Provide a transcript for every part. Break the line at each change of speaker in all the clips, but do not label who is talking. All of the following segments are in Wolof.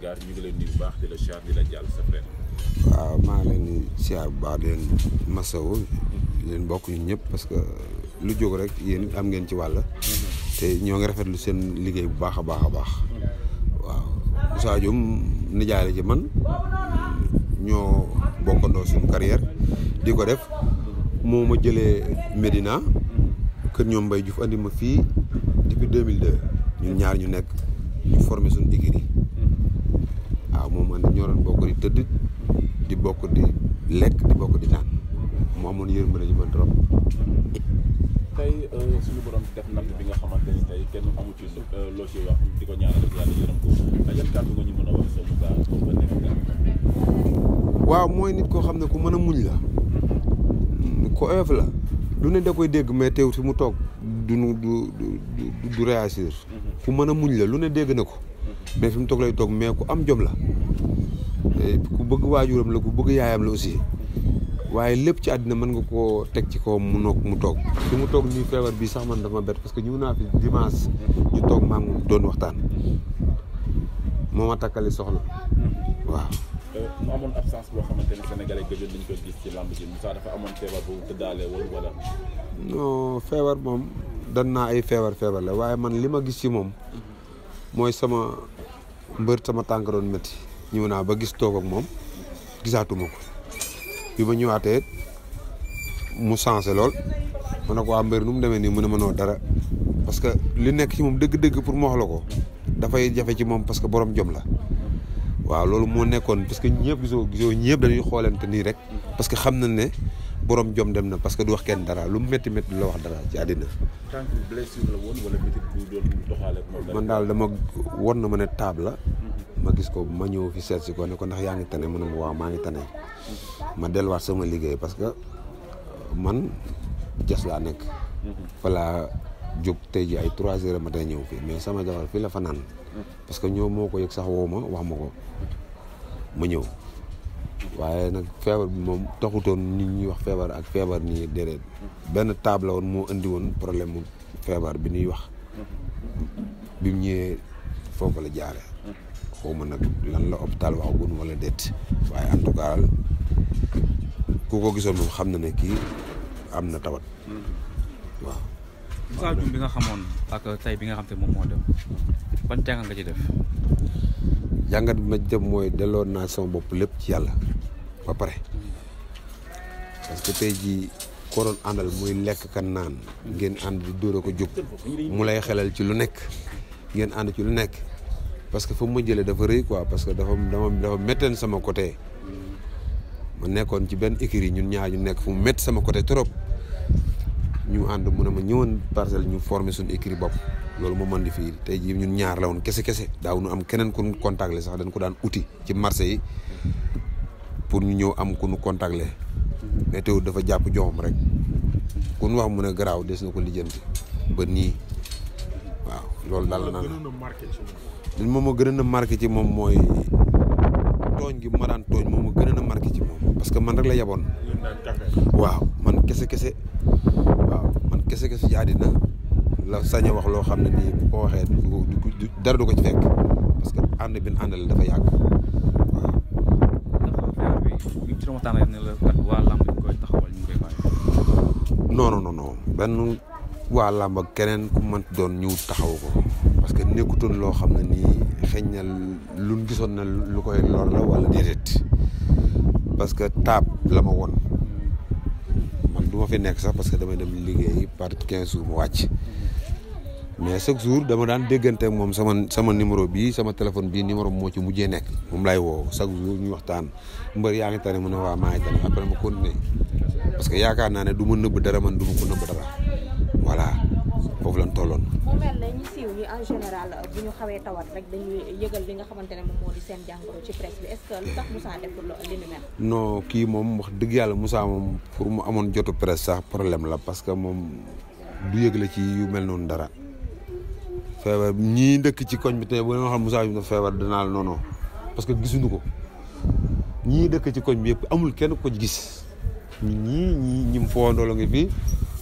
Sargar ñu ngi leen di bu baax di la siyaar di la sa frère.
waaw maa leen di siyaar bu baax di leen masawu. Mhm. leen bokk ñun ñëpp parce que lu jóg rek yéen am ngeen ci wàll. Mhm. te ñoo ngi rafet lu seen liggéey bu baax a baax a baax. Mhm. waaw Moussa Dioum nijaay la ci man ñoo bokkandoo suñu carrière di ko def moo ma jëlee Medina kër ñoom mbay Diouf andi ma fii depuis 2002 ñun ñaar ñu nekk ñu formé suñu écurie xam bokk di bokk di lekk trop.
Euh, bi nga xamante ni
euh, waaw mooy nit koo xam ne ku mën a muñ la ku oyof la du ne da koy dégg mais teew fi mu toog du du du réagir mm-hmm. ku mën a muñ la lu ne dégg na ko mm-hmm. mais fi mu toog lay toog mais ku am jom la Eh, ku bëgg waajuram la ku bëgg yaayam la aussi waaye lépp ci àddina mën nga koo teg ci ko mu noog mu toog su mu toog nii feebar bi sax man dafa bett parce que ñu naa fi dimanche ñu toog maam doon waxtaan moo ma takkali soxla hmm. waaw
eh, mu amoon absence boo xamante ne sénégalais gëjoon nañ ko gis ci làmb ji amoon feebar bu tëddaale wala wala
feebar moom dan naa ay feebar feebar la waaye man li ma gis ci moom hmm. mooy sama mbër sama tànk doon métti ñëw naa ba gis toog ak moom gisaatuma ko bi ma ñëwaatee mu changé lool ma ne ko am mbir nu mu demee nii mu ne mënoo dara parce que li nekk ci moom dëgg-dëgg pour mu wax la ko dafay jafe ci moom parce que borom jom la waaw loolu moo nekkoon parce que ñëpp gisoo gisoo ñëpp dañuy xoolante nii rek parce que xam nañ ne borom jom dem na parce que du wax kenn dara lu mu métti métti la wax dara ci àddina. tant woon wala métti bu doon man daal dama won na ma ne taab la. ma gis ko ma ñëw fi seet si ko ne ko ndax yaa ngi tane mu ne ma waaw maa ngi tane ma delluwaat sama liggéey parce que man jas laa nekk falaa jóg tey ji ay trois heures matin ñëw fii mais sama jabar fii la fanaan parce que ñëw moo ko yëg sax woo ma wax ma ko ma ñëw waaye nag feebar bi moom taxutoon nit ñuy wax feebar ak feebar nii déedéet benn table woon moo indi woon problème mu feebar bi ñuy wax bi mu ñëwee foofu la jaare xaw ma nag lan la hôpital waxagun wala déet waaye en tout cas ku ko gisoon moom xam na ne kii am na tawat. Mm-hmm. waaw. Moussa Dioum bi nga xamoon ak tey bi nga xam te moom moo dem ban jàngat ci def. jàngat bi ma ci mooy delloo naa sama bopp lépp ci yàlla ba pare parce que tey jii koo doon àndal muy lekk kan naan ngeen ànd di dóor a ko jóg mu lay xelal ci lu nekk ngeen ànd ci lu nekk. parce que fu mu ma jëlee dafa rëy quoi parce que dafa dama dafa métteen sama côté ma nekkoon ci benn écurie ñun ñaar ñu nekk fu mu métti sama côté trop ñu ànd mun ne ma ñëwoon parcelle ñu former suñu écurie bopp loolu moo mën di fii tey jii ñun ñaar la woon kese kese daaw ñu am keneen ku ñu contacter sax dañ ko daan uti ci marché yi pour ñu ñëw am ku ñu contacter mais teewul dafa jàpp joxam rek kun wax mun a garaaw des na ko lijjanti ba nii loolu dal na li moom ma gën a marqué ci moom mooy tooñ gi bu ma daan tooñ moom ma gën a marqué ci moom parce que man rek la yaboon waaw man kese kese waaw man kese kese ci la sañ wax loo xam ne nii bu ko waxee dara du ko ci fekk parce que ànd bi ànd la dafa yàgg waaw. ndax ci benn. waa làmb keneen ku mën doon ñëw taxaw ko parce que nekkutoon loo xam ne nii xëñ na lu gisoon na lu koy lor la wala déedéet parce que taab la ma woon man du ma fi nekk sax parce que damay dem liggéey par quinze jours mu wàcc mais chaque jour dama daan déggante moom sama sama numéro bii sama téléphone bii numéro moo ci mujjee nekk moom lay woo chaque jour ñu waxtaan mbër yaa ngi tane mu a waa maa ngi tane après ma continuer parce que yaakaar naa ne du ma nëbb dara man du ma ko nëbb voilà foofu lañ tolloon.
mu mel ne ñi siiw ñi en général bu ñu xawee tawat rek dañuy yëgal li nga xamante ne moo di seen jàngoro ci presse bi est que lu tax Moussa deful li ni mel.
non kii moom wax dëgg yàlla Moussa moom pour mu amoon jotu presse sax problème la parce que moom du yëgle ci yu mel noonu dara. feebar ñii dëkk ci koñ bi te bu leen waxal Moussa bi dafa feebar danaa la parce que gisuñu ko ñii dëkk ci koñ bi yëpp amul kenn ko gis ñii ñii ñi mu foo ndoolo ngi fii.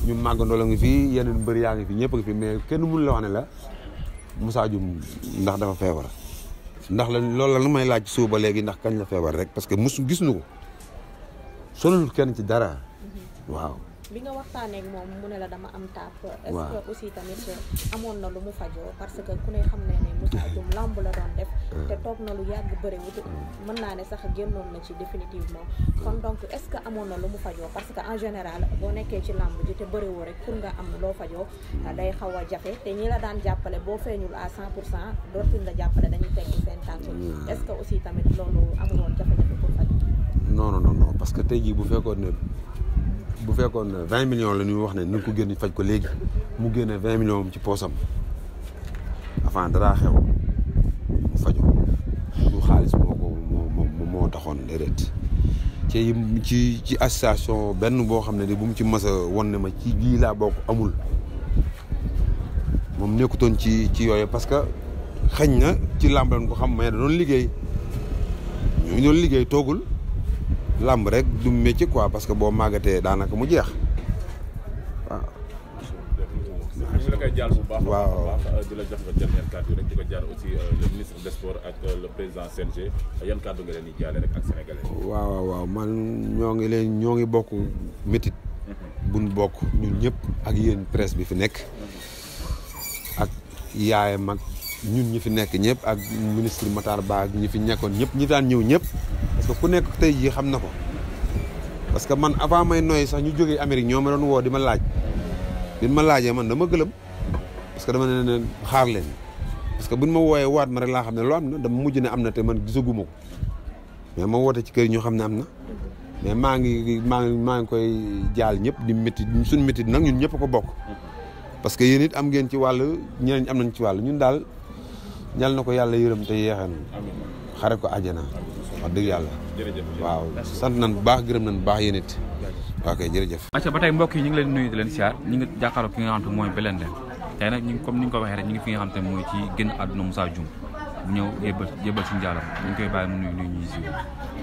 ñun màggandoo la ngi fi yeneen mbër yaa ngi fi ñëpp a ngi fi mais kenn mënu la wax ne la Moussa Dioum ndax dafa feebar ndax la loolu la nu may laaj suuf ba léegi ndax kañ la feebar rek parce que musu gis nu ko sonalul kenn ci dara
mhm. waaw bi nga waxtaanee ak moom mu ne la dama am taab. est-ce que aussi tamit amoon na lu mu fajoo parce que ku ne xam ne ne lamb la doon def. Euh. te toog na lu yàgg bëriwut. Euh. mën naa ne sax génnoon na ci définitivement. Euh. kon donc est-ce que amoon na lu mu fajoo parce que en général boo nekkee ci lamb ji te bëriwoo rek pour nga am loo fajoo hmm. day xaw jafe te ñi la daan jàppale boo feeñul à 100 pour cent dootuñ la jàppale dañuy teg seen tànk. Hmm. est-ce que aussi tamit loolu amuloon jafe-jafe pour faj.
non non non parce que te jii bu fekkoon ne. bu fekkoon vingt millions la ñuy wax ne nañ ko génn faj ko léegi mu génne vingt millions ci poosam avant daraa xew mu faju du xaalis moo ko moo taxoon déedéet ci ci ci association benn boo xam ne di bu mu ci mës won ne ma ci lii laa bokk amul moom nekkutoon ci ci yooyu parce que xëñ na ci làmb lañ ko xam mais da doon liggéey ñu doon liggéey toogul làmb rek du métier quoi parce que boo màggatee daanaka mu jeex waaw.
ñu bu baax waaw euh, di la jox nga dernier kàddu rek di ko jaar aussi euh, le ministre des sports ak euh, le président CNG yan kàddu nga leen di jaale rek ak sénégalais.
waaw waaw man ñoo ngi leen ñoo ngi bokk métit mhm. buñ bokk ñun ñëpp ak yéen presse bi fi nekk. Mhm. ak yaayam mag ñun ñi fi nekk ñëpp ak ministre Matar Ba ak ñi fi nekkoon ñëpp ñi daan ñëw ñëpp. que ku nekk tey jii xam na ko parce que man avant may nooy sax ñu jógee Amérique ñoo ma doon woo di ma laaj bi ma laajee man dama gëlëm parce que dama ne leen xaar parce que buñ ma wooyee waat ma rek laa xam ne loo na dama mujj ne am na man gisaguma mais ma woote ci kër ñu xam ne am na mais maa ngi maa maa ngi koy jaal ñëpp di métti suñ métti nag ñun ñëpp ko bokk. parce que yéen it am ngeen ci wàll ñeneen am nañ ci wàll ñun daal ñal na ko yàlla yërëm te yeexan xare ko àjjana wax dëgg yàlla. waaw sant nañ bu baax gërëm nañ bu baax yéen it. waaw kay jërëjëf. acca ba tey mbokk ñu ngi leen nuyu leen siyaar ñu ngi jàkkaarloo ki nga xam te mooy Belende tey ñu ngi comme ni nga ko waxee rek ñu ngi fi nga xam te mooy mu ngi koy bàyyi mu nuyu nuyu si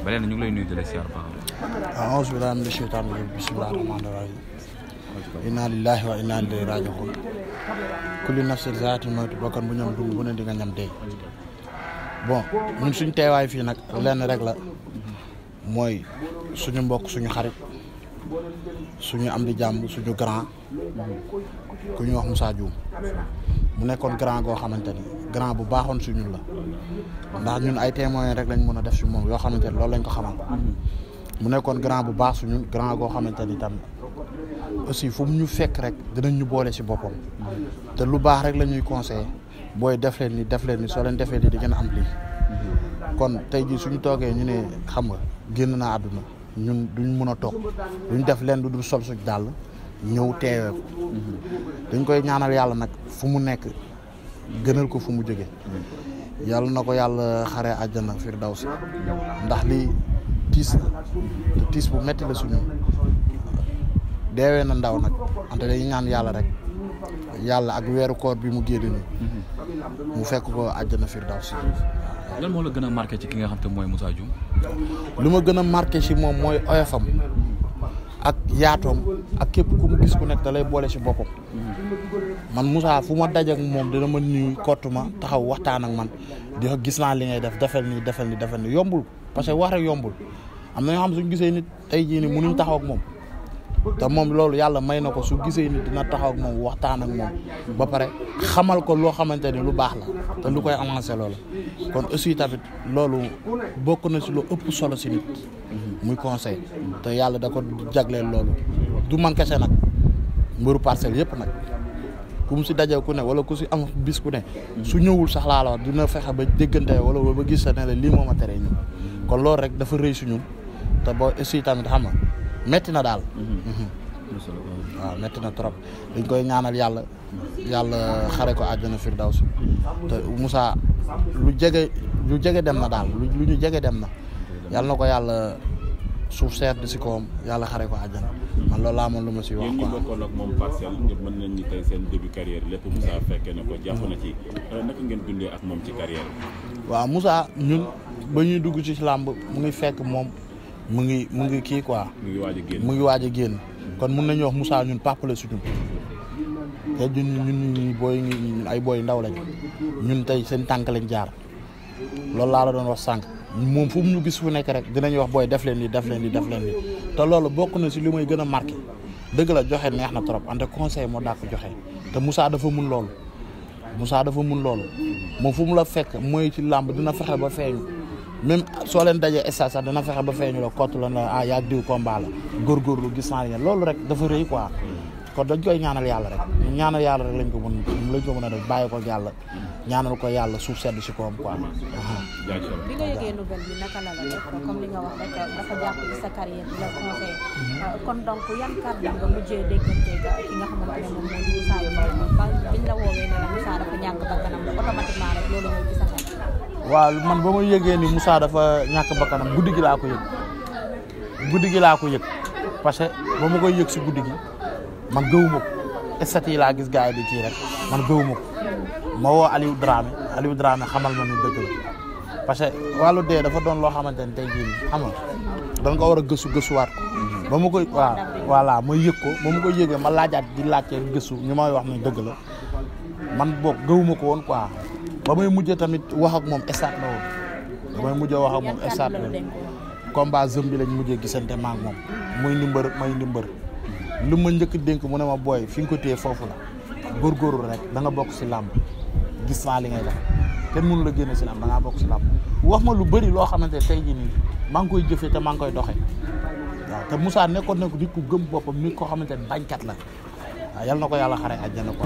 Belende ñu ngi lay nuyu di leen siyaar baax
waaw ah, auzu billaahi mina sheytaani rajiim bismillaahi inna lillahi wa inna ilayhi raaji'uun kulli nafsin zaa'iqatul mawt bakkan bu ñam dugg bu ne di nga ñam dee bon ñun suñ teewaay fii nag lenn rek la mooy suñu mbokk suñu xarit suñu am di jàmm suñu grand ku ñuy wax saa Dioum mu nekkoon grand goo xamante ni grand bu baaxoon si ñun la ndax ñun ay témoins rek lañ mën a def si moom yoo xamante ni loolu lañ ko xamal mu nekkoon grand bu baax suñu ñun grand goo xamante ni tam aussi fu mu ñu fekk rek dinañ ñu boole si boppam te lu baax rek la ñuy booy def leen ni def leen ni soo leen defee nii di ngeen am lii kon tey jii suñu toogee ñu ne xam nga génn naa àdduna ñun duñ mën a toog duñ def leen du dul sol suñ dàll ñëw teewee ko dañ koy ñaanal yàlla nag fu mu nekk gënal ko fu mu jóge yàlla na ko yàlla xare àjjana firdawsi ndax lii tiis la te tiis bu metti la suñu deewee na ndaw nag ante dañuy ñaan yàlla rek yàlla ak weeru koor bi mu génn nii mu fekk ko àjjana firdaws lan moo la gën a marqué ci ki nga xam te mooy Moussa Dioum lu ma gën a marqué ci moom mooy oyofam ak yaatoom ak képp ku mu gis ku nekk da lay boole ci bopp man Moussa fu ma daj moom dina ma nuyu kottu ma taxaw waxtaan man di gis naa li ngay def defal nii defal nii defal nii yombul parce que wax rek yombul am na ñoo xam suñu gisee nit tey jii nii mënuñ taxaw ak moom te moom loolu yàlla may na ko su gisee nit dina taxaw moom waxtaan ak moom ba pare xamal ko loo xamante ni lu baax la te lu koy avancé loola kon aussi tamit loolu bokk na si lu ëpp solo si muy conseil te yàlla da ko jagleel loolu du man kese nag mbiru parcelle yëpp nag ku mu si dajee ku ne wala ku si am bis ku ne su ñëwul sax laa dina fexe ba déggante wala ba gis sa ne la lii moo ma tere ñu kon loolu rek dafa rëy si te boo aussi tamit xam nga metti na daal. Mhm. Mhm. waaw metti na trop dañ koy ñaanal yàlla yàlla xare ko àjjana firdaws te Moussa lu jege lu jege dem na daal lu ñu jege dem na yàlla na ko yàlla suuf seet di si kawam yàlla xare ko àjjana man loolu laa lu ma si wax quoi. bokkoon ak moom parcelle ñëpp mën nañ ni tey seen début carrière lépp Moussa fekkee na ko jàpp na ci euh, naka ngeen dundee ak moom ci carrière bi waaw ñun ba ñuy dugg ci làmb mu ngi fekk moom mu ngi mu ngi kii quoi. mu ngi waaj a génn waaj génn. kon mun nañu wax musaa ñun papa la surtout te ñun ñun booy ñu ay booy ndaw lañ ñun tey seen tànk lañ jaar loolu laa la doon wax sànq moom fu mu ñu gis fu nekk rek dinañuy wax booy def leen li def leen di def te loolu bokk na si li may gën a marqué dëgg la joxe neex na trop ante conseil moo daa joxe te musaa dafa mun loolu musaa dafa mun loolu moom fu mu la fekk mooy ci làmb dina fexe ba feeñu. même soo leen dajee stade dana fexe ba feeñu la kott la na ah yaa diw combat la góorgóorlu gis naa ne loolu rek dafa rëy quoi kon dañ koy ñaanal yàlla rek ñaanal yàlla rek lañ ko mën lañ ko a def bàyyi ko yàlla ñaanal ko yàlla suuf sedd si koom quoi. Mhm. yan kàddu mujjee déggante ki ne moom mooy Moussa Yoff ba biñ la woowee rek waaw man ba ma yëgee ni Moussa dafa ñàkk bakkanam guddi gi laa ko yëg guddi laa ko yëg parce que ba ma koy yëg si guddi gi man gëwuma ko laa gis gars man gëwuma ko ma woo Aliou Dramé Aliou Dramé xamal ma nu dëgg la parce que wàllu dee dafa doon loo xamante ne tey jii nii xam nga ko war a gëstu gëstuwaat ko mhm. ba ma koy waaw voilà ma yëg ko ba ma koy yëgee ma laajaat di laajtee gëstu ñu may wax ni dëgg la man boog gëwuma ko woon quoi ba muy mujj tamit waxag moom estaat la woon ba muy mujj wax ak moom estaat la woon combat zëm bi lañ mujjee gisante maak moom muy ndimbër may ndimbër lu ma njëkk dénk mu ne ma booy fi nga ko téye foofu la góorgóorlu rek da bokk si làmb gis naa li ngay def kenn mënu la génne si làmb da bokk si làmb wax ma lu bëri loo xamante tey jii nii maa ngi koy jëfee te maa ngi koy doxe waaw te Moussa nekkoon na nit ku gëm boppam nit koo xamante ne bañkat la waaw yal na ko yàlla xare àjjana ko